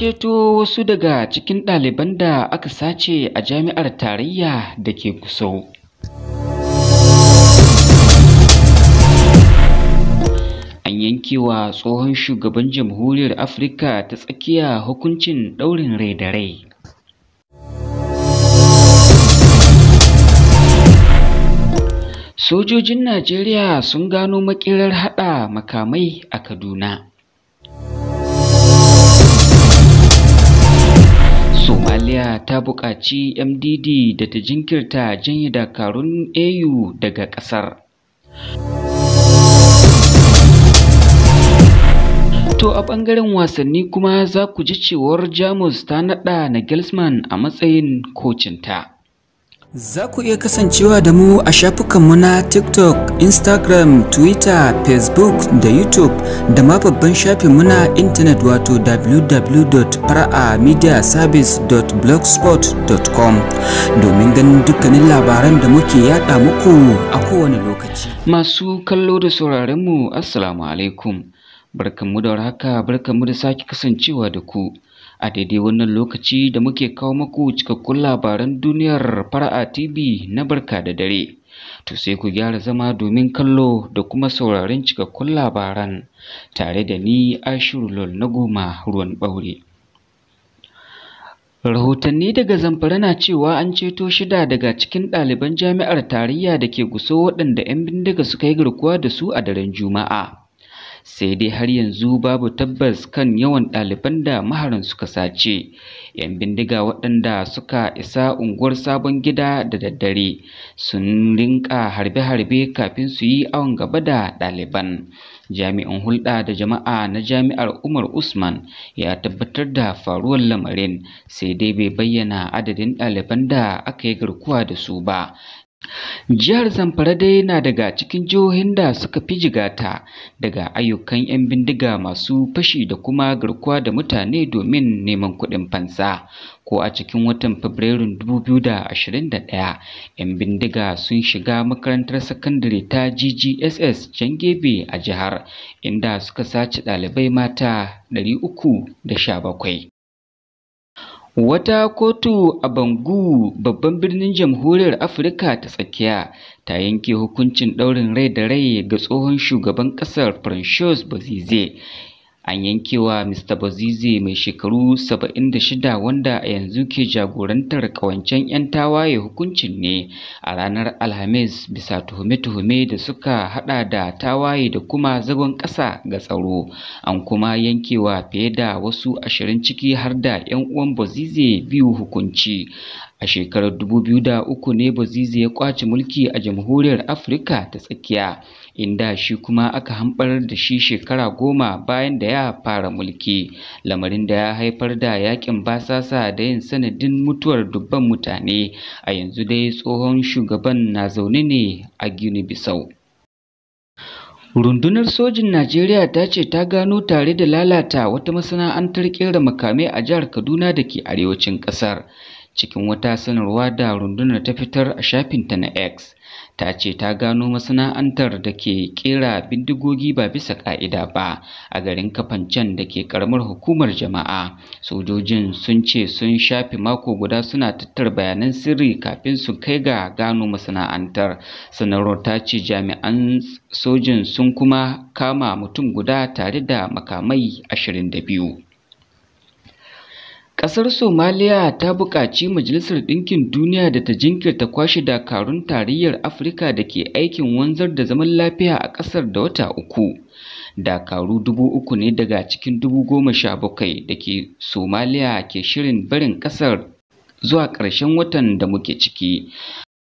ceto wasu daga cikin ɗaliban da aka sace a jami'ar tarayya da ke Gusau. An yankewa tsohon shugaban jamhuriyar Afirka ta tsakiya hukuncin ɗaurin rai da rai. Sojojin Najeriya sun gano makirar haɗa makamai a Kaduna. ta buƙaci MDD da ta jinkirta janye dakarun AU daga ƙasar. To a ɓangaren wasanni kuma za ku ji cewar Jamus ta naɗa na gelsman a matsayin kocinta. Za ku iya kasancewa da mu a shafukan shafukanmu na TikTok, Instagram, Twitter, Facebook da YouTube da ma babban shafinmu na intanet wato www.fara'amediaservice.blogspot.com domin ganin dukkanin labaran da muke yada muku a kowane lokaci. Masu kallo da sauraronmu, Assalamu alaikum. Barkanmu da warhaka, barkanmu da sake kasancewa da ku. a daidai wannan lokaci da muke kawo maku cikakkun labaran duniyar fara'a tv na barka da dare to sai ku gyara zama domin kallo da kuma sauraron cikakkun labaran tare da ni ashirulol na goma ruwan ɓaure rahotanni daga zamfara na cewa an ceto shida daga cikin ɗaliban jami'ar tarayya da ke guso waɗanda 'yan bindiga suka yi garkuwa da su a daren juma'a sai dai har yanzu babu tabbas kan yawan ɗaliban da maharan suka sace yan bindiga waɗanda suka isa unguwar sabon gida da daddare sun rinka harbe-harbe kafin su yi awon gaba da ɗaliban jami'in hulɗa da jama'a na jami'ar umar usman ya tabbatar da faruwar lamarin sai dai bai bayyana adadin ɗaliban da aka yi garkuwa da su ba Jihar Zamfara dai na daga cikin jihohin da suka fi jigata daga ayyukan 'yan bindiga masu fashi da kuma garkuwa da mutane domin neman kuɗin fansa. Ko a cikin watan Fabrairun 2021, 'yan bindiga sun shiga makarantar sakandare ta GGSS gebe a jihar, inda suka sace ɗalibai mata 317. Wata kotu a Bangu babban birnin jamhuriyar Afirka ta tsakiya ta yanke hukuncin ɗaurin rai da rai ga tsohon shugaban ƙasar Francois Bozize an yankewa Mr. Bozize mai shekaru 76 wanda a yanzu ke jagorantar kawancen 'yan tawaye hukuncin ne a ranar Alhamis bisa tuhume-tuhume da suka hada da tawaye da kuma zagon ƙasa ga tsaro an kuma yankewa fiye da wasu ashirin ciki har da 'yan uwan Bozize biyu hukunci A shekarar 2003 ne bazizi ya kwace mulki a Jamhuriyar Afirka ta Tsakiya, inda shi kuma aka hambar da shi shekara goma bayan da ya fara mulki, lamarin da ya haifar da yakin basasa da yin sanadin mutuwar dubban mutane. A yanzu dai tsohon shugaban na zaune ne a gini bisau. Rundunar sojin Najeriya ta ce ta gano tare da lalata wata masana'antar kera makamai a jihar Kaduna da ke arewacin ƙasar. cikin wata sanarwa da rundunar ta fitar a shafinta na x ta ce ta gano masana'antar da ke kera bindigogi ba bisa ka'ida ba a garin kafancan da ke karamar hukumar jama'a sojojin sun ce sun shafi mako guda suna tattar bayanan sirri kafin su kai ga gano masana'antar sanarwar ta ce jami'an sojin sun kuma kama mutum guda tare da makamai 22 Ƙasar Somaliya ta buƙaci Majalisar Ɗinkin Duniya da ta jinkirta kwashe dakarun tarayyar Afirka da ke aikin wanzar da zaman lafiya a ƙasar da wata uku. Dakaru dubu uku ne daga cikin dubu goma sha bakwai da ke Somaliya ke shirin barin ƙasar zuwa ƙarshen watan da muke ciki.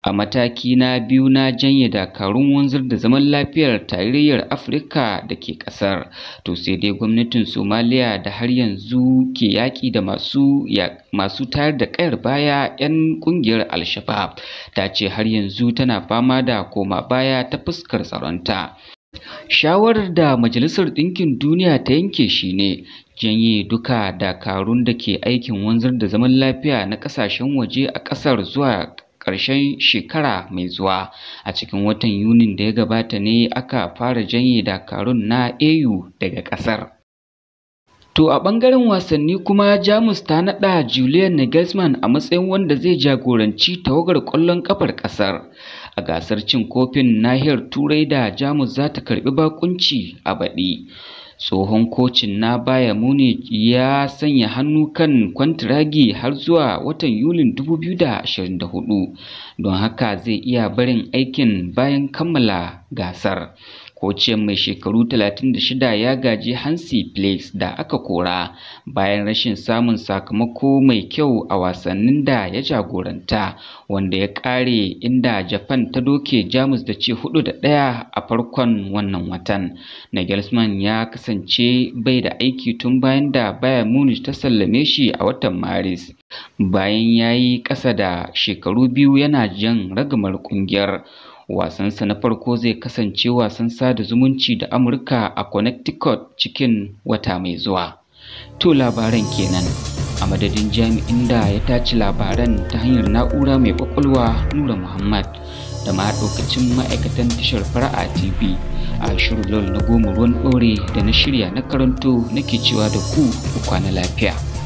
a mataki na biyu na janye dakarun wanzar da zaman lafiyar tarayyar afirka da ke kasar to sai dai gwamnatin somaliya da har yanzu ke yaƙi da masu masu tayar da kayar baya 'yan ƙungiyar al ta ce har yanzu tana fama da koma baya ta fuskar tsaronta shawarar da majalisar ɗinkin duniya ta yanke shi ne, janye duka dakarun da ke aikin wanzar da zaman lafiya na ƙasashen waje a ƙasar zuwa ƙarshen shekara mai zuwa a cikin watan yunin da ya gabata ne aka fara janye dakarun na au daga ƙasar To a ɓangaren wasanni kuma Jamus ta naɗa Julian Nagelsmann a matsayin wanda zai jagoranci tawagar ƙwallon ƙafar ƙasar a gasar cin kofin nahiyar Turai da Jamus za ta karɓi bakunci a baɗi. Tsohon kocin na baya Munich ya sanya hannu kan kwantiragi har zuwa watan Yulin 2024 don haka zai iya barin aikin bayan kammala gasar. kociyar mai shekaru 36 ya gaji hansi flakes da aka kora bayan rashin samun sakamako mai kyau a wasannin da ya jagoranta wanda ya kare inda japan ta doke jamus da ce hudu da daya a farkon wannan watan nagelsmann ya kasance bai da aiki tun bayan da bayern munich ta sallame shi a watan maris bayan ya yi kasa da shekaru biyu yana jan ragamar ƙungiyar wasansa na farko zai kasance wasan sada zumunci da amurka a connecticut cikin wata mai zuwa to labaran kenan a madadin jami'in da ya tace labaran ta hanyar na'ura mai kwakwalwa nura muhammad da ma ɗaukacin ma'aikatan tashar fara'a tv a shirin na goma ruwan ɗore da na shirya na karanto nake cewa da ku kwana lafiya